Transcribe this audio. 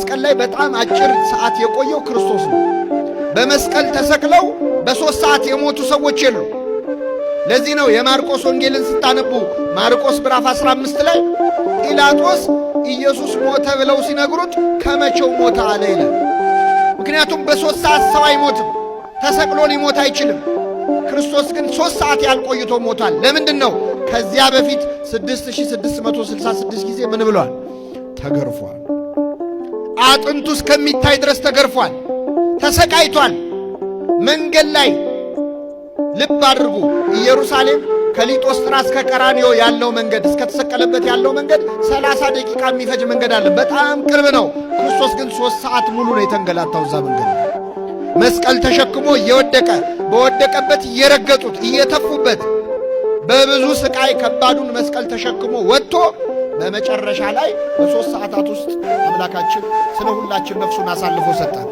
መስቀል ላይ በጣም አጭር ሰዓት የቆየው ክርስቶስ ነው። በመስቀል ተሰቅለው በሦስት ሰዓት የሞቱ ሰዎች የሉ። ለዚህ ነው የማርቆስ ወንጌልን ስታነቡ ማርቆስ ምዕራፍ 15 ላይ ጲላጦስ ኢየሱስ ሞተ ብለው ሲነግሩት ከመቼው ሞተ አለ ይላል። ምክንያቱም በሦስት ሰዓት ሰው አይሞትም፣ ተሰቅሎ ሊሞት አይችልም። ክርስቶስ ግን ሦስት ሰዓት ያልቆይቶ ሞቷል። ለምንድን ነው? ከዚያ በፊት 6666 ጊዜ ምን ብሏል? ተገርፏል። አጥንቱ እስከሚታይ ድረስ ተገርፏል፣ ተሰቃይቷል። መንገድ ላይ ልብ አድርጉ። ኢየሩሳሌም ከሊጦስ ጥራ እስከ ያለው መንገድ እስከተሰቀለበት ያለው መንገድ ሰላሳ ደቂቃ የሚፈጅ መንገድ አለ። በጣም ቅርብ ነው። ክርስቶስ ግን ሶስት ሰዓት ሙሉ ነው የተንገላታው እዛ መንገድ መስቀል ተሸክሞ እየወደቀ በወደቀበት እየረገጡት እየተፉበት በብዙ ስቃይ ከባዱን መስቀል ተሸክሞ ወጥቶ በመጨረሻ ላይ በሶስት ሰዓታት ውስጥ አምላካችን ስለ ሁላችን ነፍሱን አሳልፎ ሰጠን።